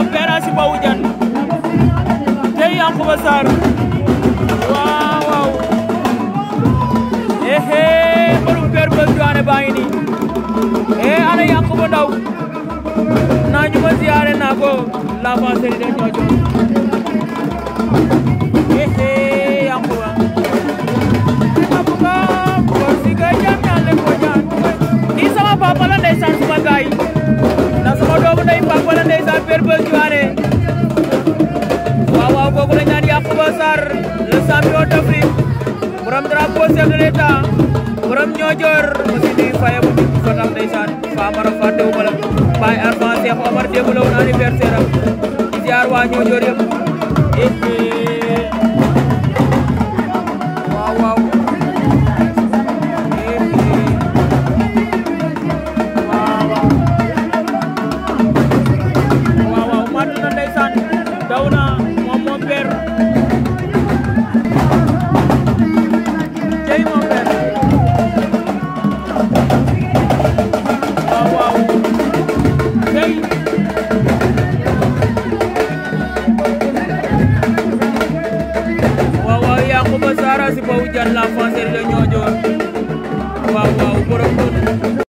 moom Pera si Mbow Diagne tey Yankuba Sarr waaw waaw ehe eh, mbarum Père Mbeuz Diané baa ngi nii eh, Ndaw naa ñu ma ziyaare naa ko la besar Verbal juara. Wawaw keunggulan di aku besar Lesami Otofri. Muram terapu sebenarnya. Muram nyojor. Mesin di saya butuh seorang desan. Famar Fatu balam. Pai Arfan siapa Amar dia belum nari berserap. Isi arwah nyojor ya. Ini. Wawaw. Arasi a Diagne a foncière de